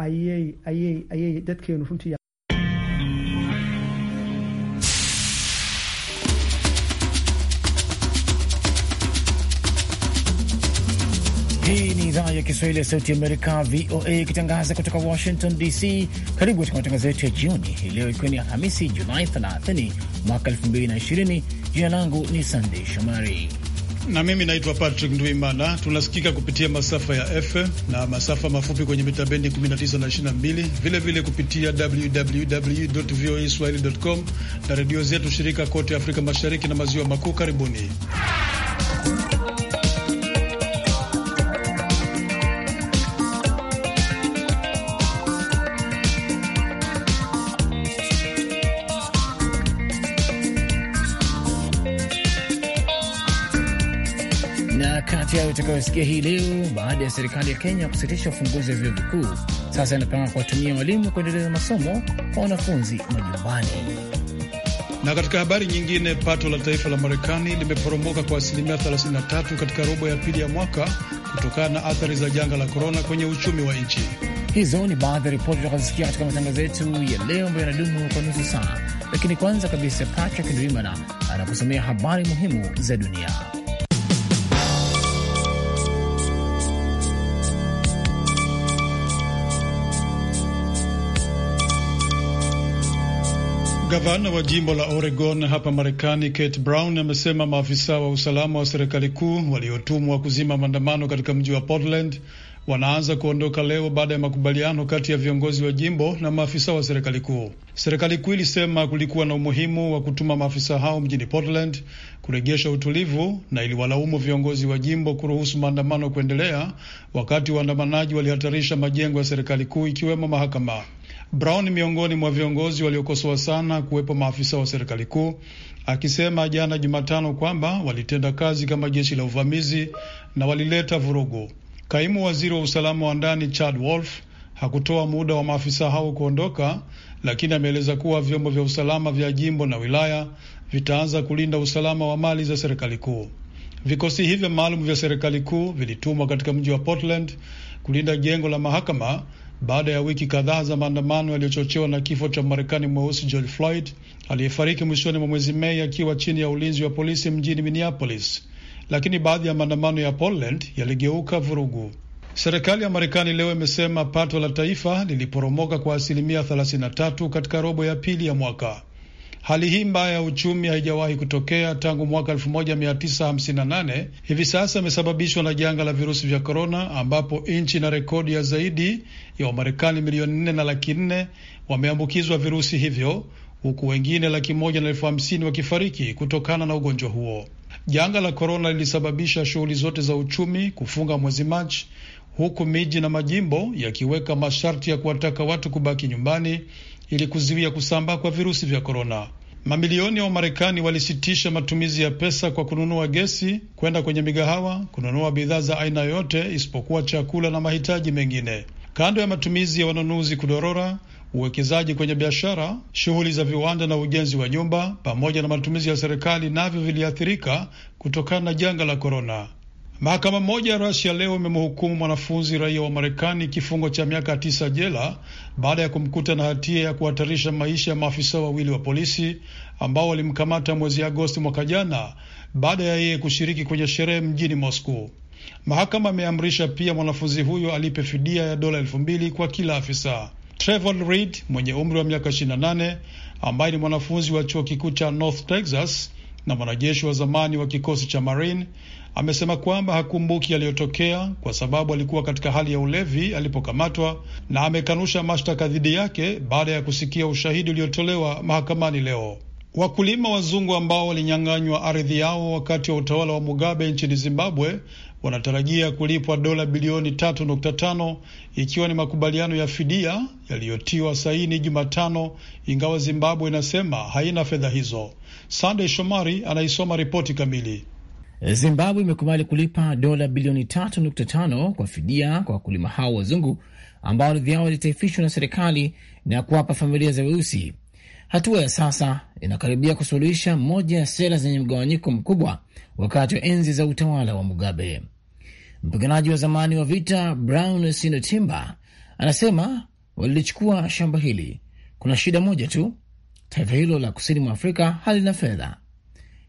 ayay ayay ayay dadkeenu runtii Hii ni idhaa ya Kiswahili ya Sauti Amerika, VOA, ikitangaza kutoka Washington DC. Karibu katika matangazo yetu ya jioni hii leo, ikiwa ni Alhamisi Julai 30 mwaka 2020. Jina langu ni Sandei Shomari na mimi naitwa Patrick Ndwimana. Tunasikika kupitia masafa ya FM na masafa mafupi kwenye mitabendi 19 na 22, vilevile kupitia www voa swahili com na redio zetu shirika kote Afrika Mashariki na Maziwa Makuu. Karibuni. kati yayo itakayosikia hii leo. Baada ya serikali ya Kenya kusitisha ufunguzi wa vyuo vikuu, sasa inapanga kuwatumia walimu kuendeleza masomo kwa wanafunzi majumbani. Na katika habari nyingine, pato la taifa la Marekani limeporomoka kwa asilimia 33 katika robo ya pili ya mwaka kutokana na athari za janga la korona kwenye uchumi wa nchi. Hizo ni baadhi ya ripoti utakazosikia katika matangazo yetu ya leo ambayo yanadumu kwa nusu saa, lakini kwanza kabisa, Patrick Ndwimana anakusomea habari muhimu za dunia. Gavana wa jimbo la Oregon hapa Marekani, Kate Brown amesema maafisa wa usalama wa serikali kuu waliotumwa kuzima maandamano katika mji wa Portland wanaanza kuondoka leo baada ya makubaliano kati ya viongozi wa jimbo na maafisa wa serikali kuu. Serikali kuu ilisema kulikuwa na umuhimu wa kutuma maafisa hao mjini Portland kurejesha utulivu, na iliwalaumu viongozi wa jimbo kuruhusu maandamano kuendelea wakati waandamanaji walihatarisha majengo ya serikali kuu ikiwemo mahakama. Brown ni miongoni mwa viongozi waliokosoa sana kuwepo maafisa wa serikali kuu, akisema jana Jumatano kwamba walitenda kazi kama jeshi la uvamizi na walileta vurugu. Kaimu waziri wa usalama wa ndani Chad Wolf hakutoa muda wa maafisa hao kuondoka, lakini ameeleza kuwa vyombo vya usalama vya jimbo na wilaya vitaanza kulinda usalama wa mali za serikali kuu. Vikosi hivyo maalum vya serikali kuu vilitumwa katika mji wa Portland kulinda jengo la mahakama baada ya wiki kadhaa za maandamano yaliyochochewa na kifo cha Marekani mweusi George Floyd aliyefariki mwishoni mwa mwezi Mei akiwa chini ya ulinzi wa polisi mjini Minneapolis. Lakini baadhi ya maandamano ya poland yaligeuka vurugu. Serikali ya Marekani leo imesema pato la taifa liliporomoka kwa asilimia 33 katika robo ya pili ya mwaka. Hali hii mbaya ya uchumi haijawahi kutokea tangu mwaka 1958. Hivi sasa imesababishwa na janga la virusi vya korona, ambapo nchi na rekodi ya zaidi ya Wamarekani milioni nne na laki nne wameambukizwa virusi hivyo, huku wengine laki moja na elfu hamsini wakifariki kutokana na ugonjwa huo. Janga la korona lilisababisha shughuli zote za uchumi kufunga mwezi Machi, huku miji na majimbo yakiweka masharti ya kuwataka watu kubaki nyumbani ili kuzuia kusambaa kwa virusi vya korona. Mamilioni ya Wamarekani walisitisha matumizi ya pesa kwa kununua gesi, kwenda kwenye migahawa, kununua bidhaa za aina yoyote isipokuwa chakula na mahitaji mengine. Kando ya matumizi ya wanunuzi kudorora, uwekezaji kwenye biashara, shughuli za viwanda na ujenzi wa nyumba, pamoja na matumizi ya serikali, navyo viliathirika kutokana na janga la korona. Mahakama moja ya rasia leo imemhukumu mwanafunzi raia wa Marekani kifungo cha miaka tisa jela baada ya kumkuta na hatia ya kuhatarisha maisha ya maafisa wawili wa polisi ambao walimkamata mwezi Agosti mwaka jana baada ya yeye kushiriki kwenye sherehe mjini Moscow. Mahakama imeamrisha pia mwanafunzi huyo alipe fidia ya dola elfu mbili kwa kila afisa. Trevor Reed mwenye umri wa miaka 28 ambaye ni mwanafunzi wa chuo kikuu cha North Texas na mwanajeshi wa zamani wa kikosi cha Marine amesema kwamba hakumbuki yaliyotokea kwa sababu alikuwa katika hali ya ulevi alipokamatwa na amekanusha mashtaka dhidi yake baada ya kusikia ushahidi uliotolewa mahakamani leo. Wakulima wazungu ambao walinyang'anywa ardhi yao wakati wa utawala wa Mugabe nchini Zimbabwe wanatarajia kulipwa dola bilioni 3.5 ikiwa ni makubaliano ya fidia yaliyotiwa saini Jumatano, ingawa Zimbabwe inasema haina fedha hizo. Sandey Shomari anaisoma ripoti kamili. Zimbabwe imekubali kulipa dola bilioni 3.5 kwa fidia kwa wakulima hao wazungu ambao ardhi yao ilitaifishwa na serikali na kuwapa familia za weusi. Hatua ya sasa inakaribia kusuluhisha moja ya sera zenye mgawanyiko mkubwa wakati wa enzi za utawala wa Mugabe. Mpiganaji wa zamani wa vita Brown Sinotimba anasema walilichukua shamba hili, kuna shida moja tu, Taifa hilo la kusini mwa Afrika halina fedha.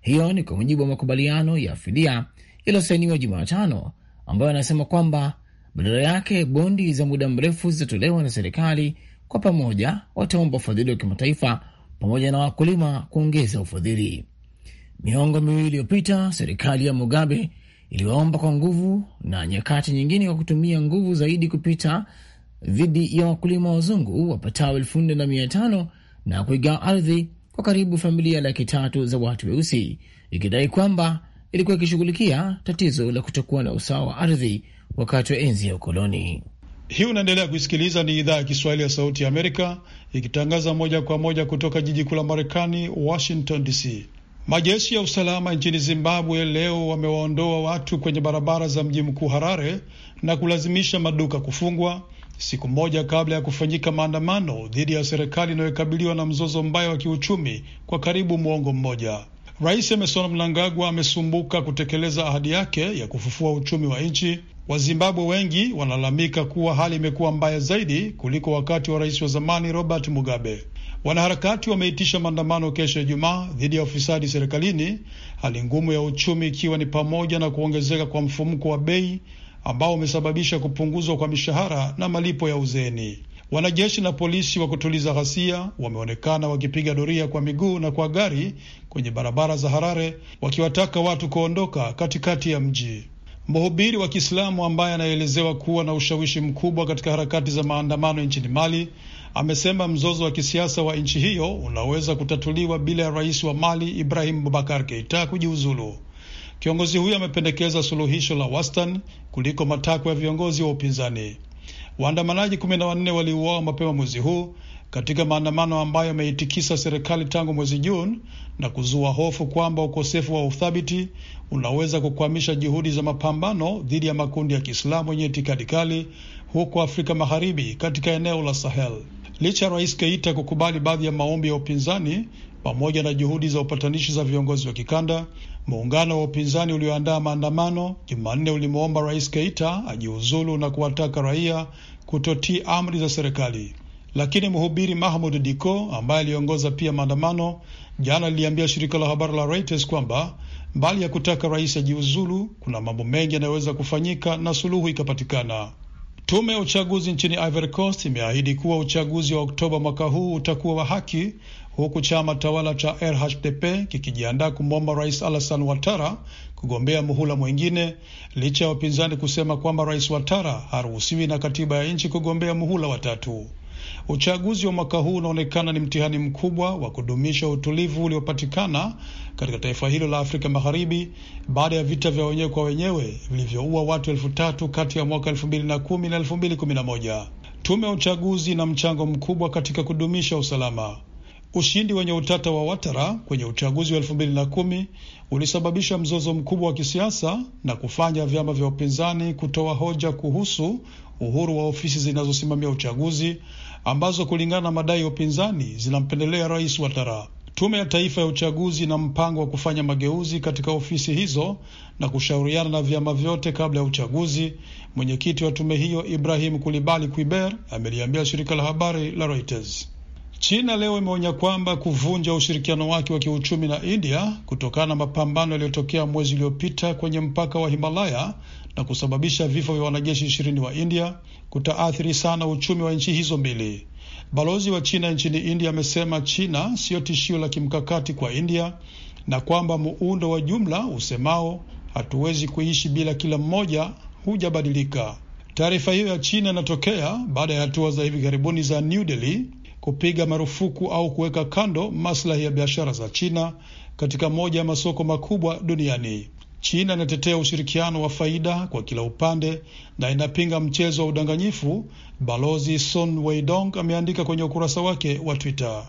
Hiyo ni kwa mujibu wa makubaliano ya fidia yaliyosainiwa Jumatano, ambayo anasema kwamba badala yake bondi za muda mrefu zitatolewa na serikali. Kwa pamoja wataomba ufadhili wa kimataifa pamoja na wakulima kuongeza ufadhili. Miongo miwili iliyopita, serikali ya Mugabe iliwaomba kwa nguvu na nyakati nyingine kwa kutumia nguvu zaidi kupita dhidi ya wakulima wazungu wapatao elfu nne na mia tano na kuigawa ardhi kwa karibu familia laki tatu za watu weusi, ikidai kwamba ilikuwa ikishughulikia tatizo la kutokuwa na usawa wa ardhi wakati wa enzi ya ukoloni. Hii unaendelea kuisikiliza, ni idhaa ya Kiswahili ya Sauti ya Amerika ikitangaza moja kwa moja kutoka jiji kuu la Marekani, Washington DC. Majeshi ya usalama nchini Zimbabwe leo wamewaondoa watu kwenye barabara za mji mkuu Harare na kulazimisha maduka kufungwa siku moja kabla ya kufanyika maandamano dhidi ya serikali inayokabiliwa na mzozo mbaya wa kiuchumi kwa karibu mwongo mmoja. Rais Emmerson Mnangagwa amesumbuka kutekeleza ahadi yake ya kufufua uchumi wa nchi. Wazimbabwe wengi wanalalamika kuwa hali imekuwa mbaya zaidi kuliko wakati wa rais wa zamani Robert Mugabe. Wanaharakati wameitisha maandamano kesho Ijumaa dhidi ya ufisadi serikalini, hali ngumu ya uchumi ikiwa ni pamoja na kuongezeka kwa mfumuko wa bei, ambao umesababisha kupunguzwa kwa mishahara na malipo ya uzeeni. Wanajeshi na polisi wa kutuliza ghasia wameonekana wakipiga doria kwa miguu na kwa gari kwenye barabara za Harare, wakiwataka watu kuondoka katikati ya mji. Mhubiri wa Kiislamu ambaye anaelezewa kuwa na ushawishi mkubwa katika harakati za maandamano nchini Mali amesema mzozo wa kisiasa wa nchi hiyo unaweza kutatuliwa bila ya rais wa Mali Ibrahim Bubakar Keita kujiuzulu. Kiongozi huyo amependekeza suluhisho la wastani kuliko matakwa ya viongozi wa upinzani. Waandamanaji kumi na wanne waliuawa mapema mwezi huu katika maandamano ambayo yameitikisa serikali tangu mwezi Juni na kuzua hofu kwamba ukosefu wa uthabiti unaweza kukwamisha juhudi za mapambano dhidi ya makundi ya Kiislamu yenye itikadi kali huko Afrika Magharibi, katika eneo la Sahel. Licha ya Rais Keita kukubali baadhi ya maombi ya upinzani pamoja na juhudi za upatanishi za viongozi wa kikanda, Muungano wa upinzani ulioandaa maandamano Jumanne ulimwomba rais Keita ajiuzulu na kuwataka raia kutotii amri za serikali, lakini mhubiri Mahmud Diko ambaye aliongoza pia maandamano jana liliambia shirika la habari la Reuters kwamba mbali ya kutaka rais ajiuzulu, kuna mambo mengi yanayoweza kufanyika na suluhu ikapatikana. Tume ya uchaguzi nchini Ivory Coast imeahidi kuwa uchaguzi wa Oktoba mwaka huu utakuwa wa haki huku chama tawala cha RHDP kikijiandaa kumwomba Rais Alassane Ouattara kugombea muhula mwingine licha ya wapinzani kusema kwamba Rais Ouattara haruhusiwi na katiba ya nchi kugombea muhula watatu. Uchaguzi wa mwaka huu unaonekana ni mtihani mkubwa wa kudumisha utulivu uliopatikana katika taifa hilo la Afrika Magharibi baada ya vita vya wenyewe kwa wenyewe vilivyoua watu elfu tatu kati ya mwaka elfu mbili na kumi na elfu mbili kumi na moja. Tume ya uchaguzi na mchango mkubwa katika kudumisha usalama. Ushindi wenye utata wa Watara kwenye uchaguzi wa elfu mbili na kumi ulisababisha mzozo mkubwa wa kisiasa na kufanya vyama vya upinzani kutoa hoja kuhusu uhuru wa ofisi zinazosimamia uchaguzi ambazo kulingana na madai ya upinzani zinampendelea rais Watara. Tume ya Taifa ya Uchaguzi na mpango wa kufanya mageuzi katika ofisi hizo na kushauriana na vyama vyote kabla ya uchaguzi. Mwenyekiti wa tume hiyo Ibrahim Kulibali Quiber ameliambia shirika la habari la Reuters. China leo imeonya kwamba kuvunja ushirikiano wake wa kiuchumi na India kutokana na mapambano yaliyotokea mwezi uliopita kwenye mpaka wa Himalaya na kusababisha vifo vya wanajeshi ishirini wa India kutaathiri sana uchumi wa nchi hizo mbili. Balozi wa China nchini India amesema China siyo tishio la kimkakati kwa India na kwamba muundo wa jumla usemao hatuwezi kuishi bila kila mmoja hujabadilika. Taarifa hiyo ya China inatokea baada ya hatua za hivi karibuni za New Delhi kupiga marufuku au kuweka kando maslahi ya biashara za China katika moja ya masoko makubwa duniani. China inatetea ushirikiano wa faida kwa kila upande na inapinga mchezo wa udanganyifu, Balozi Sun Weidong ameandika kwenye ukurasa wake wa Twitter.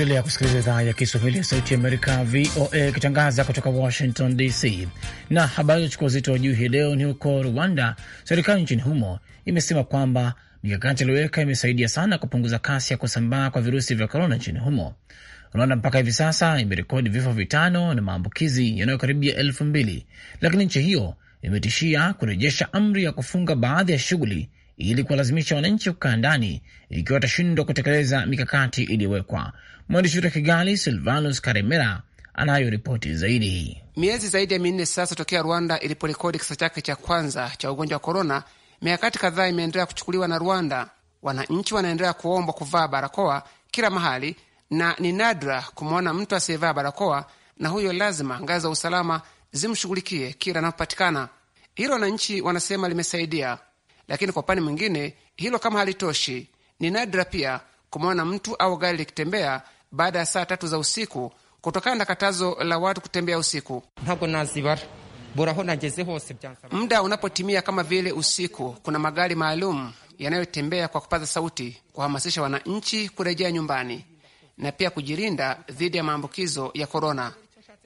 Naendelea kusikiliza idhaa ya Kiswahili ya Sauti ya Amerika, VOA, ikitangaza kutoka Washington DC. Na habari zachukua uzito wa juu hii leo ni huko Rwanda. Serikali nchini humo imesema kwamba mikakati iliyoweka imesaidia sana kupunguza kasi ya kusambaa kwa virusi vya korona nchini humo. Rwanda mpaka hivi sasa imerekodi vifo vitano na maambukizi yanayokaribia elfu mbili, lakini nchi hiyo imetishia kurejesha amri ya kufunga baadhi ya shughuli ili kuwalazimisha wananchi kukaa ndani ikiwa watashindwa kutekeleza mikakati iliyowekwa. Mwandishi wetu wa Kigali, Silvanus Karemera, anayo ripoti zaidi. Miezi zaidi ya minne sasa tokea Rwanda iliporekodi kisa chake cha kwanza cha ugonjwa wa korona, mikakati kadhaa imeendelea kuchukuliwa na Rwanda. Wananchi wanaendelea kuombwa kuvaa barakoa kila mahali, na ni nadra kumwona mtu asiyevaa barakoa, na huyo lazima ngazi za usalama zimshughulikie kila anapopatikana. Hilo wananchi wanasema limesaidia lakini kwa upande mwingine, hilo kama halitoshi, ni nadra pia kumwona mtu au gari likitembea baada ya saa tatu za usiku kutokana na katazo la watu kutembea usiku. Muda unapotimia kama vile usiku, kuna magari maalum yanayotembea kwa kupaza sauti, kuhamasisha wananchi kurejea nyumbani na pia kujilinda dhidi ya maambukizo ya korona.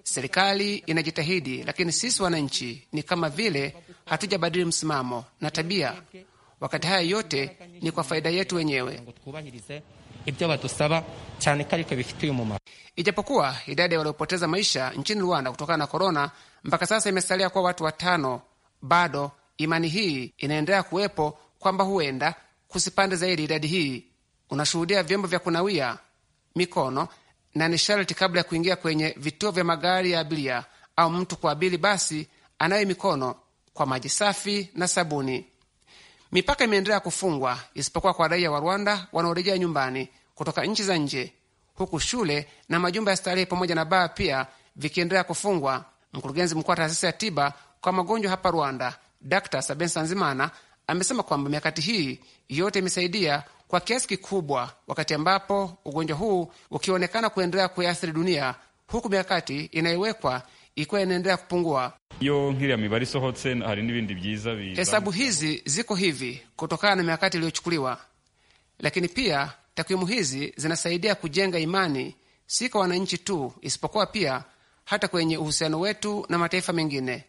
Serikali inajitahidi, lakini sisi wananchi ni kama vile hatujabadili msimamo na tabia. Wakati haya yote ni kwa faida yetu wenyewe, ijapokuwa idadi ya waliopoteza maisha nchini Rwanda kutokana na korona mpaka sasa imesalia kuwa watu watano. Bado imani hii inaendelea kuwepo kwamba huenda kusipande zaidi idadi hii. Unashuhudia vyombo vya kunawia mikono na ni sharti kabla ya kuingia kwenye vituo vya magari ya abiria au mtu kuabili basi anayo mikono kwa maji safi na sabuni. Mipaka imeendelea kufungwa isipokuwa kwa raia wa Rwanda wanaorejea nyumbani kutoka nchi za nje, huku shule na majumba ya starehe pamoja na baa pia vikiendelea kufungwa. Mkurugenzi mkuu wa taasisi ya tiba kwa magonjwa hapa Rwanda, Dr Saben Sanzimana, amesema kwamba mikakati hii yote imesaidia kwa kiasi kikubwa, wakati ambapo ugonjwa huu ukionekana kuendelea kuathiri dunia, huku mikakati inayowekwa ilikuwa inaendelea kupungua. Hesabu hizi ziko hivi kutokana na mikakati iliyochukuliwa, lakini pia takwimu hizi zinasaidia kujenga imani, si kwa wananchi tu, isipokuwa pia hata kwenye uhusiano wetu na mataifa mengine,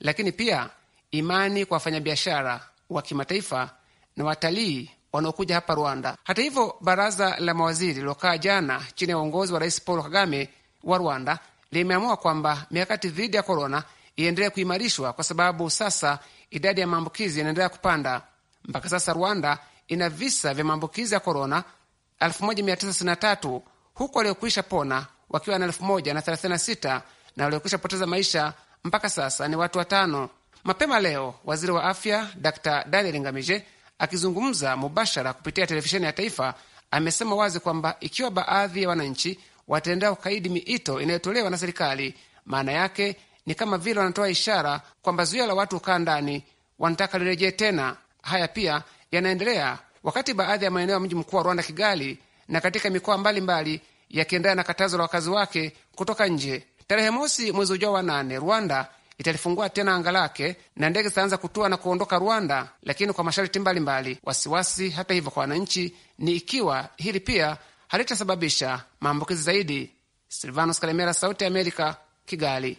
lakini pia imani kwa wafanyabiashara wa kimataifa na watalii wanaokuja hapa Rwanda. Hata hivyo, baraza la mawaziri lilokaa jana chini ya uongozi wa Rais Paul Kagame wa Rwanda limeamua kwamba mikakati dhidi ya korona iendelee kuimarishwa kwa sababu sasa idadi ya maambukizi inaendelea kupanda. Mpaka sasa Rwanda ina visa vya maambukizi ya korona 1963 huku waliokwisha pona wakiwa na 1036 na waliokwisha poteza maisha mpaka sasa ni watu watano. Mapema leo waziri wa afya Dr Daniel Ngamije akizungumza mubashara kupitia televisheni ya taifa amesema wazi kwamba ikiwa baadhi ya wananchi watendao kaidi miito inayotolewa na serikali. Maana yake ni kama vile wanatoa ishara kwamba zuia la watu kukaa ndani wanataka lirejee tena. Haya pia yanaendelea wakati baadhi ya maeneo ya mji mkuu wa Rwanda, Kigali, na katika mikoa mbalimbali yakiendana na katazo la wakazi wake kutoka nje. Tarehe mosi mwezi ujao wa nane, Rwanda italifungua tena anga lake na ndege zitaanza kutua na kuondoka Rwanda, lakini kwa masharti mbalimbali. Wasiwasi hata hivyo kwa wananchi ni ikiwa hili pia halitasababisha maambukizi zaidi. Silvanos Kalemera, Sauti ya Amerika, Kigali.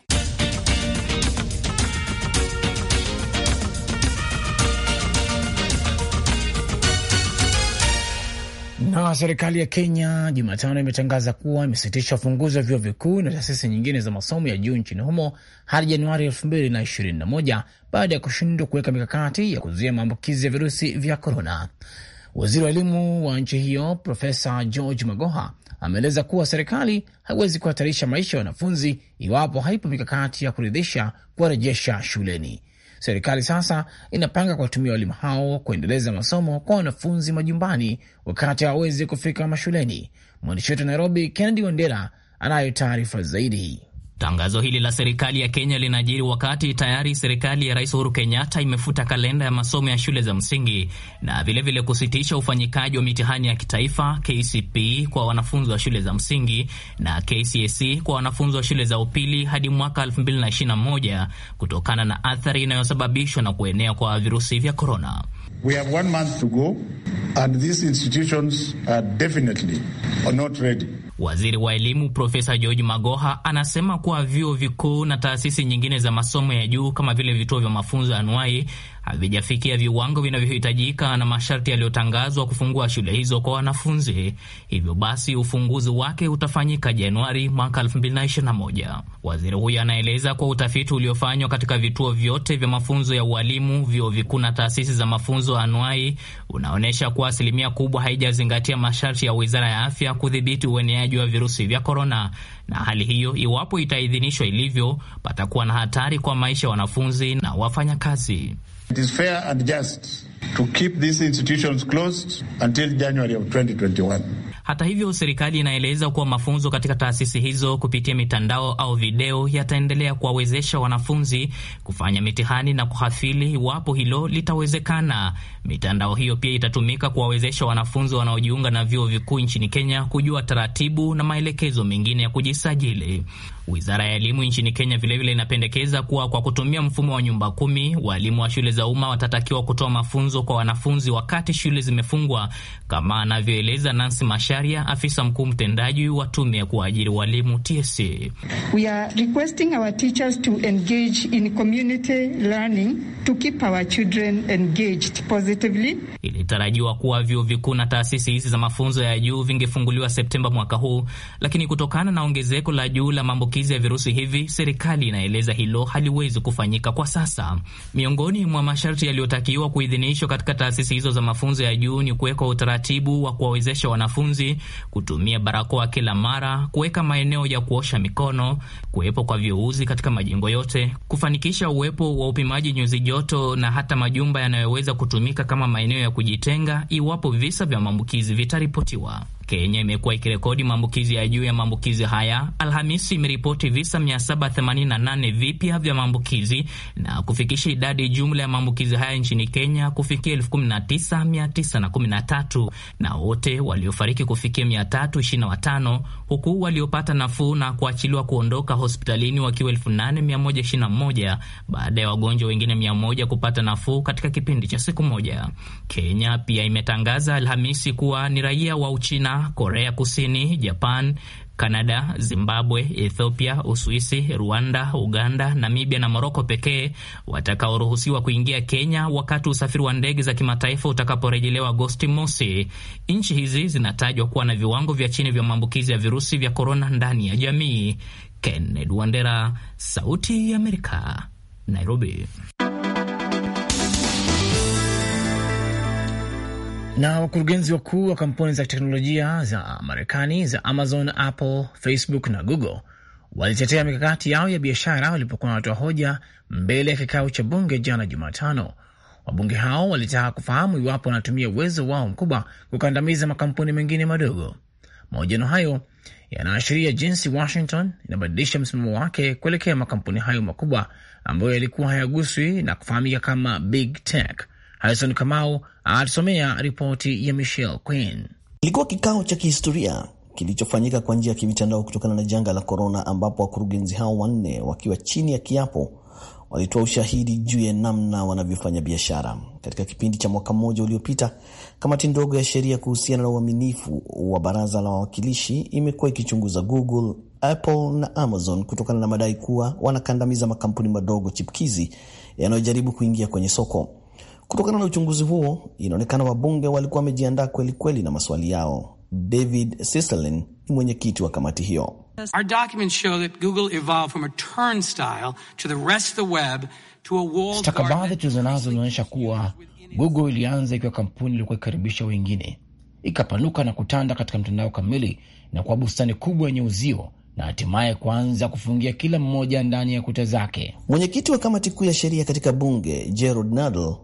Na serikali ya Kenya Jumatano imetangaza kuwa imesitisha ufunguzi wa vyuo vikuu na taasisi nyingine za masomo ya juu nchini humo hadi Januari 2021 baada ya kushindwa kuweka mikakati ya kuzuia maambukizi ya virusi vya korona. Waziri wa elimu wa nchi hiyo Profesa George Magoha ameeleza kuwa serikali haiwezi kuhatarisha maisha ya wanafunzi iwapo haipo mikakati ya kuridhisha kuwarejesha shuleni. Serikali sasa inapanga kuwatumia walimu hao kuendeleza masomo kwa wanafunzi majumbani wakati hawawezi kufika mashuleni. Mwandishi wetu wa Nairobi, Kennedy Wandera, anayo taarifa zaidi. Tangazo hili la serikali ya Kenya linajiri wakati tayari serikali ya Rais Uhuru Kenyatta imefuta kalenda ya masomo ya shule za msingi na vilevile kusitisha ufanyikaji wa mitihani ya kitaifa KCPE kwa wanafunzi wa shule za msingi na KCSE kwa wanafunzi wa shule za upili hadi mwaka 2021 kutokana na athari inayosababishwa na kuenea kwa virusi vya korona. Waziri wa elimu Profesa George Magoha anasema kuwa vyuo vikuu na taasisi nyingine za masomo ya juu kama vile vituo vya mafunzo ya anuai havijafikia viwango vinavyohitajika na masharti yaliyotangazwa kufungua shule hizo kwa wanafunzi. Hivyo basi ufunguzi wake utafanyika Januari mwaka 2021. Waziri huyo anaeleza kuwa utafiti uliofanywa katika vituo vyote vya mafunzo ya ualimu, vyuo vikuu na taasisi za mafunzo anuai unaonyesha kuwa asilimia kubwa haijazingatia masharti ya wizara ya afya kudhibiti uenea ueneaji ya virusi vya korona, na hali hiyo, iwapo itaidhinishwa ilivyo, patakuwa na hatari kwa maisha ya wanafunzi na wafanyakazi. It is fair and just to keep these institutions closed until January of 2021. Hata hivyo, serikali inaeleza kuwa mafunzo katika taasisi hizo kupitia mitandao au video yataendelea kuwawezesha wanafunzi kufanya mitihani na kuhafili iwapo hilo litawezekana. Mitandao hiyo pia itatumika kuwawezesha wanafunzi wanaojiunga na vyuo vikuu nchini Kenya kujua taratibu na maelekezo mengine ya kujisajili. Wizara ya elimu nchini Kenya vilevile inapendekeza kuwa kwa kutumia mfumo wa nyumba kumi, walimu wa shule za umma watatakiwa kutoa mafunzo kwa wanafunzi wakati shule zimefungwa, kama anavyoeleza Nancy Masharia, afisa mkuu mtendaji wa tume ya kuajiri walimu TSC. Ilitarajiwa kuwa vyuo vikuu na taasisi hizi za mafunzo ya juu vingefunguliwa Septemba mwaka huu, lakini kutokana na ongezeko la juu la mambo maambukizi ya virusi hivi, serikali inaeleza hilo haliwezi kufanyika kwa sasa. Miongoni mwa masharti yaliyotakiwa kuidhinishwa katika taasisi hizo za mafunzo ya juu ni kuwekwa utaratibu wa kuwawezesha wanafunzi kutumia barakoa kila mara, kuweka maeneo ya kuosha mikono, kuwepo kwa viuuzi katika majengo yote, kufanikisha uwepo wa upimaji nyuzi joto na hata majumba yanayoweza kutumika kama maeneo ya kujitenga iwapo visa vya maambukizi vitaripotiwa. Kenya imekuwa ikirekodi maambukizi ya juu ya maambukizi haya. Alhamisi imeripoti visa 788 vipya vya maambukizi na kufikisha idadi jumla ya maambukizi haya nchini Kenya kufikia 19913 na wote waliofariki kufikia 325 huku waliopata nafuu na kuachiliwa kuondoka hospitalini wakiwa 8121 baada ya wagonjwa wengine 100 kupata nafuu katika kipindi cha siku moja. Kenya pia imetangaza Alhamisi kuwa ni raia wa Uchina Korea Kusini, Japan, Kanada, Zimbabwe, Ethiopia, Uswisi, Rwanda, Uganda, Namibia na Moroko pekee watakaoruhusiwa kuingia Kenya wakati usafiri wa ndege za kimataifa utakaporejelewa Agosti mosi. Nchi hizi zinatajwa kuwa na viwango vya chini vya maambukizi ya virusi vya korona ndani ya jamii. Kenneth Wandera, Sauti ya Amerika, Nairobi. Na wakurugenzi wakuu wa kampuni za teknolojia za Marekani za Amazon, Apple, Facebook na Google walitetea mikakati yao ya biashara walipokuwa watoa hoja mbele ya kikao cha bunge jana Jumatano. Wabunge hao walitaka kufahamu iwapo wanatumia uwezo wao mkubwa kukandamiza makampuni mengine madogo. Mahojiano hayo yanaashiria jinsi Washington inabadilisha msimamo wake kuelekea makampuni hayo makubwa ambayo yalikuwa hayaguswi na kufahamika kama Big Tech Harison Kamau atusomea ripoti ya Michel Quin. Ilikuwa kikao cha kihistoria kilichofanyika kwa njia ya kimitandao kutokana na janga la korona, ambapo wakurugenzi hao wanne wakiwa chini ya kiapo walitoa ushahidi juu ya namna wanavyofanya biashara. Katika kipindi cha mwaka mmoja uliopita, kamati ndogo ya sheria kuhusiana na uaminifu wa baraza la wawakilishi imekuwa ikichunguza Google, Apple na Amazon kutokana na madai kuwa wanakandamiza makampuni madogo chipkizi yanayojaribu kuingia kwenye soko. Kutokana na uchunguzi huo, inaonekana wabunge walikuwa wamejiandaa kweli kweli na maswali yao. David Sesselin ni mwenyekiti wa kamati hiyo. Stakabadhi tulizonazo zinaonyesha kuwa Google ilianza ikiwa kampuni ilikuwa ikikaribisha wengine, ikapanuka na kutanda katika mtandao kamili na kuwa bustani kubwa yenye uzio na hatimaye kuanza kufungia kila mmoja ndani ya kuta zake. Mwenyekiti wa kamati kuu ya sheria katika bunge Gerald Nadler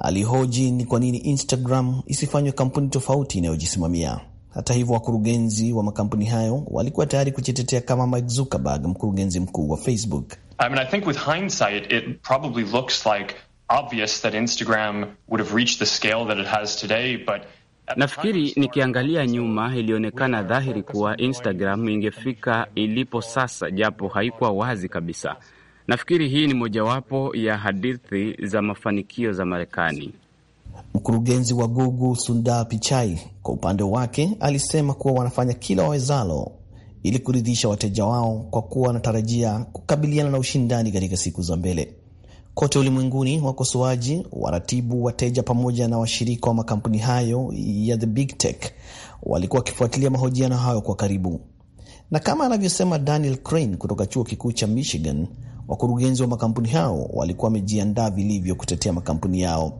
alihoji ni kwa nini Instagram isifanywe kampuni tofauti inayojisimamia. Hata hivyo, wakurugenzi wa makampuni hayo walikuwa tayari kujitetea kama Mark Zuckerberg, mkurugenzi mkuu wa Facebook. I mean, I think with hindsight it probably looks like obvious that Instagram would have reached the scale that it has today, but Nafikiri nikiangalia nyuma ilionekana dhahiri kuwa Instagram ingefika ilipo sasa, japo haikuwa wazi kabisa. Nafikiri hii ni mojawapo ya hadithi za mafanikio za Marekani. Mkurugenzi wa Google Sundar Pichai kwa upande wake alisema kuwa wanafanya kila wawezalo ili kuridhisha wateja wao kwa kuwa wanatarajia kukabiliana na ushindani katika siku za mbele. Kote ulimwenguni, wakosoaji, waratibu, wateja pamoja na washirika wa makampuni hayo ya the big tech walikuwa wakifuatilia mahojiano hayo kwa karibu, na kama anavyosema Daniel Crane kutoka chuo kikuu cha Michigan, wakurugenzi wa makampuni hao walikuwa wamejiandaa vilivyo kutetea makampuni yao.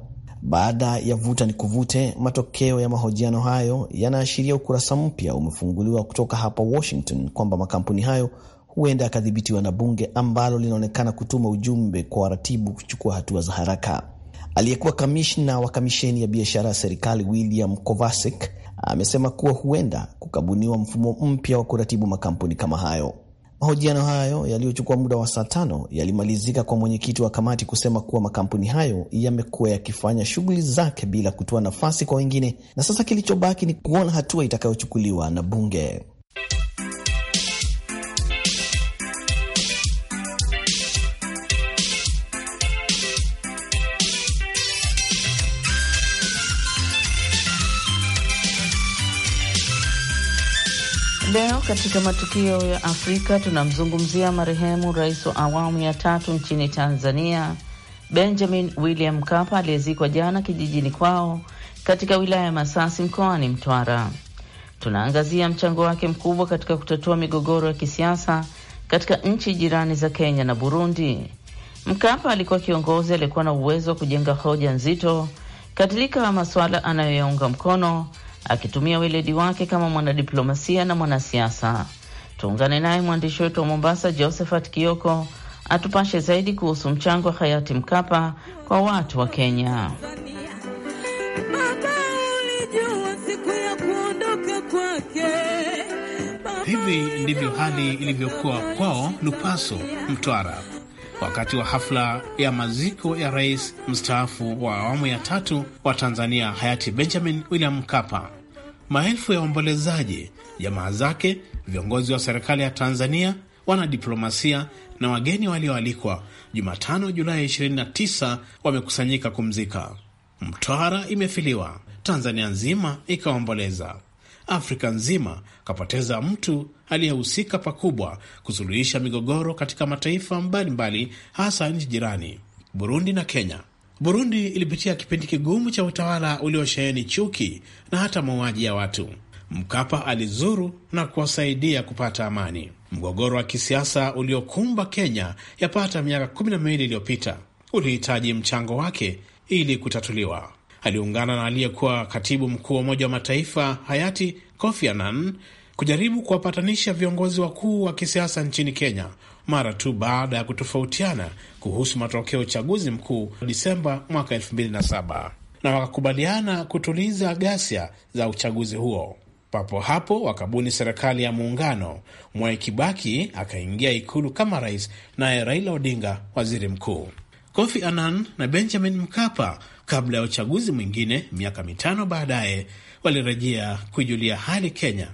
Baada ya vuta ni kuvute, matokeo ya mahojiano hayo yanaashiria ukurasa mpya umefunguliwa kutoka hapa Washington kwamba makampuni hayo huenda yakadhibitiwa na bunge ambalo linaonekana kutuma ujumbe kwa waratibu kuchukua hatua za haraka. Aliyekuwa kamishna wa kamisheni ya biashara ya serikali William Kovasek amesema kuwa huenda kukabuniwa mfumo mpya wa kuratibu makampuni kama hayo. Mahojiano hayo yaliyochukua muda wa saa tano yalimalizika kwa mwenyekiti wa kamati kusema kuwa makampuni hayo yamekuwa yakifanya shughuli zake bila kutoa nafasi kwa wengine na sasa kilichobaki ni kuona hatua itakayochukuliwa na bunge. Leo katika matukio ya Afrika tunamzungumzia marehemu rais wa awamu ya tatu nchini Tanzania, Benjamin William Mkapa, aliyezikwa jana kijijini kwao katika wilaya ya Masasi mkoani Mtwara. Tunaangazia mchango wake mkubwa katika kutatua migogoro ya kisiasa katika nchi jirani za Kenya na Burundi. Mkapa alikuwa kiongozi aliyekuwa na uwezo wa kujenga hoja nzito katika masuala anayoyaunga mkono akitumia weledi wake kama mwanadiplomasia na mwanasiasa. Tuungane naye mwandishi wetu wa Mombasa, Josephat Kioko, atupashe zaidi kuhusu mchango wa hayati Mkapa kwa watu wa Kenya. Hivi ndivyo hali ilivyokuwa kwao Lupaso, Mtwara wakati wa hafla ya maziko ya rais mstaafu wa awamu ya tatu wa Tanzania hayati Benjamin William Mkapa. Maelfu ya waombolezaji, jamaa zake, viongozi wa serikali ya Tanzania, wanadiplomasia na wageni walioalikwa, Jumatano Julai 29 wamekusanyika kumzika. Mtwara imefiliwa, Tanzania nzima ikaomboleza. Afrika nzima kapoteza mtu aliyehusika pakubwa kusuluhisha migogoro katika mataifa mbalimbali mbali, hasa nchi jirani Burundi na Kenya. Burundi ilipitia kipindi kigumu cha utawala uliosheheni chuki na hata mauaji ya watu. Mkapa alizuru na kuwasaidia kupata amani. Mgogoro wa kisiasa uliokumba Kenya yapata miaka kumi na miwili iliyopita ulihitaji mchango wake ili kutatuliwa aliungana na aliyekuwa katibu mkuu wa Umoja wa Mataifa hayati Kofi Annan kujaribu kuwapatanisha viongozi wakuu wa kisiasa nchini Kenya mara tu baada ya kutofautiana kuhusu matokeo ya uchaguzi mkuu Disemba mwaka 2007 na wakakubaliana kutuliza ghasia za uchaguzi huo. Papo hapo wakabuni serikali ya muungano. Mwai Kibaki akaingia ikulu kama rais, naye Raila Odinga waziri mkuu. Kofi Annan na Benjamin Mkapa kabla ya uchaguzi mwingine miaka mitano baadaye, walirejea kuijulia hali Kenya.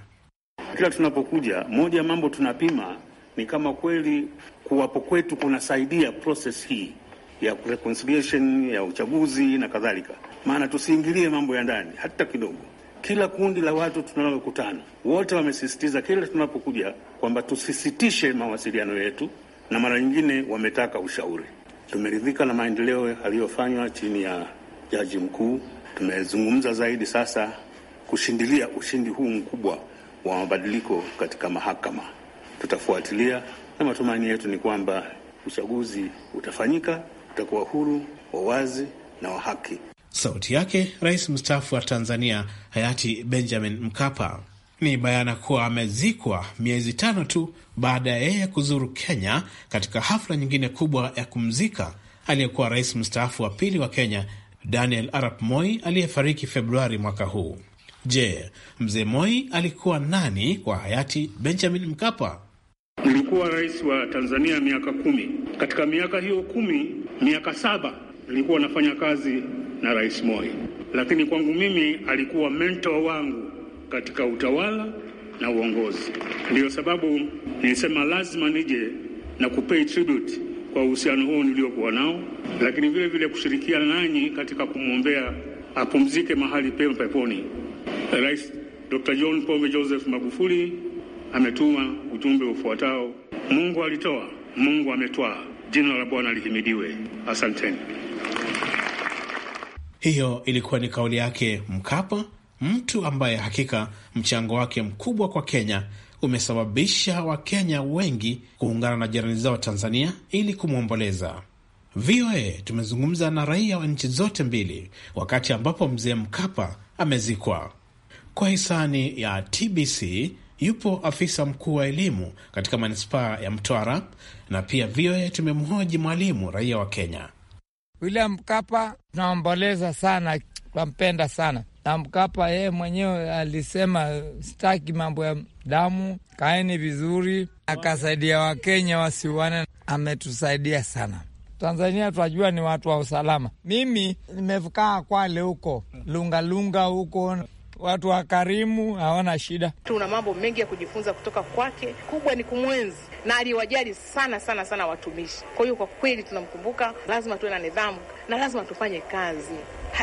Kila tunapokuja, moja ya mambo tunapima ni kama kweli kuwapo kwetu kunasaidia proses hii ya reconciliation ya uchaguzi na kadhalika. Maana tusiingilie mambo ya ndani hata kidogo. Kila kundi la watu tunalokutana, wote wamesisitiza kila tunapokuja kwamba tusisitishe mawasiliano yetu, na mara nyingine wametaka ushauri. Tumeridhika na maendeleo aliyofanywa chini ya jaji mkuu. Tumezungumza zaidi sasa kushindilia ushindi huu mkubwa wa mabadiliko katika mahakama. Tutafuatilia na matumaini yetu ni kwamba uchaguzi utafanyika, utakuwa huru, wa wazi na wa haki. Sauti yake rais mstaafu wa Tanzania hayati Benjamin Mkapa. Ni bayana kuwa amezikwa miezi tano tu baada ya yeye kuzuru Kenya katika hafla nyingine kubwa ya kumzika aliyekuwa rais mstaafu wa pili wa Kenya Daniel Arap Moi aliyefariki Februari mwaka huu. Je, mzee Moi alikuwa nani kwa hayati Benjamin Mkapa? Nilikuwa rais wa Tanzania miaka kumi. Katika miaka hiyo kumi, miaka saba nilikuwa nafanya kazi na rais Moi, lakini kwangu mimi alikuwa mentor wangu katika utawala na uongozi. Ndiyo sababu nilisema lazima nije na kupei tribute kwa uhusiano huu niliokuwa nao, lakini vile vile kushirikiana nanyi katika kumwombea apumzike mahali pema peponi. Rais Dr. John Pombe Joseph Magufuli ametuma ujumbe ufuatao: Mungu alitoa, Mungu ametwaa, jina la Bwana lihimidiwe. Asanteni. Hiyo ilikuwa ni kauli yake Mkapa, mtu ambaye hakika mchango wake mkubwa kwa Kenya umesababisha Wakenya wengi kuungana na jirani zao Tanzania ili kumwomboleza. VOA tumezungumza na raia wa nchi zote mbili wakati ambapo mzee Mkapa amezikwa. Kwa hisani ya TBC yupo afisa mkuu wa elimu katika manispaa ya Mtwara, na pia VOA tumemhoji mwalimu raia wa Kenya. William Mkapa tunaomboleza sana, twampenda sana na Mkapa yeye mwenyewe alisema sitaki mambo ya damu, kaeni vizuri, akasaidia Wakenya wasiuane. Ametusaidia sana. Tanzania tunajua ni watu wa usalama. Mimi nimekaa Kwale huko Lungalunga huko watu wakarimu, hawana shida. Tuna mambo mengi ya kujifunza kutoka kwake. Kubwa ni kumwenzi na aliwajali sana sana sana watumishi. Kwa hiyo kwa kweli tunamkumbuka, lazima tuwe na nidhamu na lazima tufanye kazi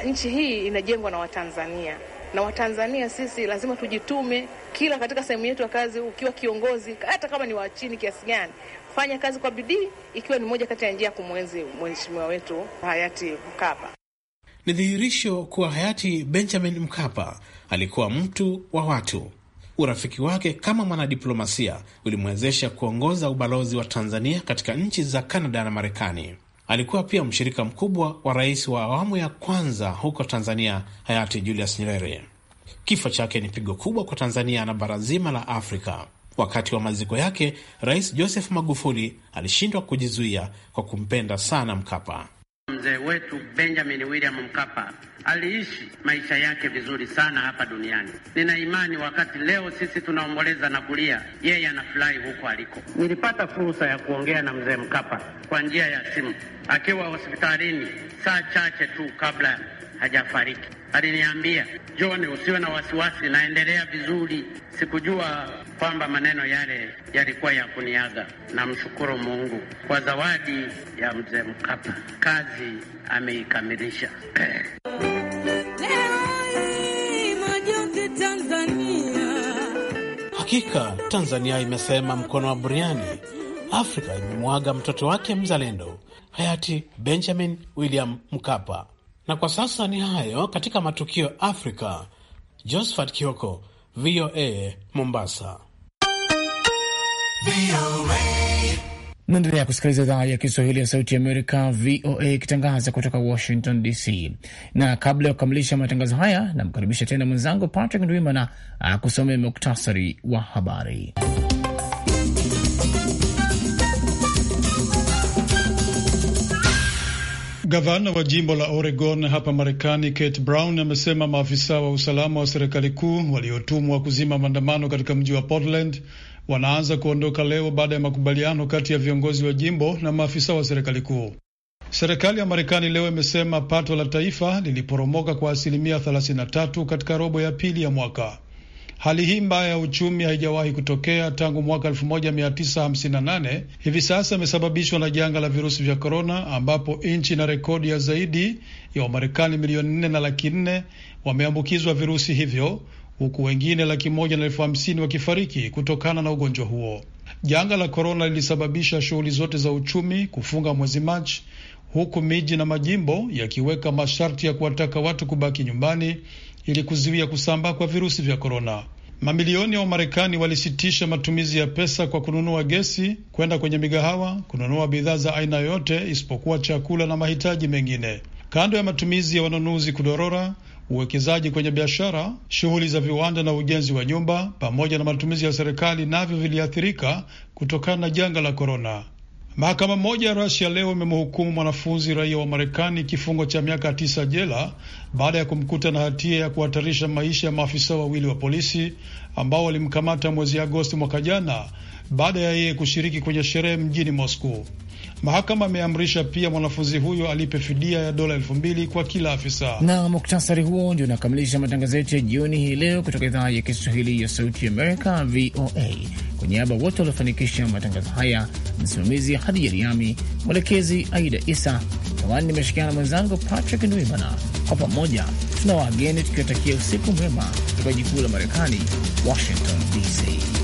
nchi hii inajengwa na Watanzania na Watanzania sisi lazima tujitume kila katika sehemu yetu ya kazi. Ukiwa kiongozi, hata kama ni wa chini kiasi gani, fanya kazi kwa bidii, ikiwa ni moja kati ya njia ya kumwenzi mheshimiwa wetu hayati Mkapa. Ni dhihirisho kuwa hayati Benjamin Mkapa alikuwa mtu wa watu. Urafiki wake kama mwanadiplomasia ulimwezesha kuongoza ubalozi wa Tanzania katika nchi za Kanada na Marekani. Alikuwa pia mshirika mkubwa wa rais wa awamu ya kwanza huko Tanzania, hayati Julius Nyerere. Kifo chake ni pigo kubwa kwa Tanzania na bara zima la Afrika. Wakati wa maziko yake, Rais Joseph Magufuli alishindwa kujizuia kwa kumpenda sana Mkapa. Mzee wetu Benjamin William Mkapa aliishi maisha yake vizuri sana hapa duniani. Nina imani wakati leo sisi tunaomboleza na kulia, yeye anafurahi huko aliko. Nilipata fursa ya kuongea na mzee Mkapa kwa njia ya simu akiwa hospitalini, saa chache tu kabla hajafariki. Aliniambia, John, usiwe na wasiwasi, naendelea vizuri. Sikujua kwamba maneno yale yalikuwa ya kuniaga. Namshukuru Mungu kwa zawadi ya mzee Mkapa, kazi ameikamilisha. Hakika Tanzania imesema mkono wa buriani, Afrika imemwaga mtoto wake mzalendo hayati Benjamin William Mkapa. Na kwa sasa ni hayo katika matukio Afrika. Josephat Kioko, VOA, Mombasa. Naendelea kusikiliza idhaa ya Kiswahili ya Sauti ya Amerika, VOA, ikitangaza kutoka Washington DC. Na kabla ya kukamilisha matangazo haya, namkaribisha tena mwenzangu Patrick Ndwimana akusomea muktasari wa habari. Gavana wa jimbo la Oregon hapa Marekani, Kate Brown, amesema maafisa wa usalama wa serikali kuu waliotumwa kuzima maandamano katika mji wa Portland wanaanza kuondoka leo baada ya makubaliano kati ya viongozi wa jimbo na maafisa wa serikali kuu. Serikali ya Marekani leo imesema pato la taifa liliporomoka kwa asilimia 33 katika robo ya pili ya mwaka. Hali hii mbaya ya uchumi haijawahi kutokea tangu mwaka 1958. Hivi sasa imesababishwa na janga la virusi vya korona, ambapo nchi na rekodi ya zaidi ya Wamarekani milioni nne na laki nne wameambukizwa virusi hivyo huku wengine laki moja na elfu hamsini wakifariki kutokana na ugonjwa huo. Janga la korona lilisababisha shughuli zote za uchumi kufunga mwezi Machi, huku miji na majimbo yakiweka masharti ya kuwataka watu kubaki nyumbani ili kuzuia kusambaa kwa virusi vya korona. Mamilioni ya Wamarekani walisitisha matumizi ya pesa kwa kununua gesi, kwenda kwenye migahawa, kununua bidhaa za aina yoyote isipokuwa chakula na mahitaji mengine. Kando ya matumizi ya wanunuzi kudorora, uwekezaji kwenye biashara, shughuli za viwanda na ujenzi wa nyumba, pamoja na matumizi ya serikali, navyo viliathirika kutokana na janga la korona. Mahakama moja ya Rasia leo imemhukumu mwanafunzi raia wa Marekani kifungo cha miaka tisa jela baada ya kumkuta na hatia ya kuhatarisha maisha ya maafisa wawili wa polisi ambao walimkamata mwezi Agosti mwaka jana baada ya yeye kushiriki kwenye sherehe mjini Moscow. Mahakama ameamrisha pia mwanafunzi huyo alipe fidia ya dola elfu mbili kwa kila afisa. Na muktasari huo ndio unakamilisha matangazo yetu ya jioni hii leo kutoka idhaa ya Kiswahili ya Sauti Amerika, VOA. Kwa niaba wote waliofanikisha matangazo haya, msimamizi Hadi Riami, mwelekezi Aida Isa, hewani nimeshikiana na mwenzangu Patrick Ndwimana. Kwa pamoja tuna wageni tukiwatakia usiku mwema kutoka jikuu la Marekani, Washington DC.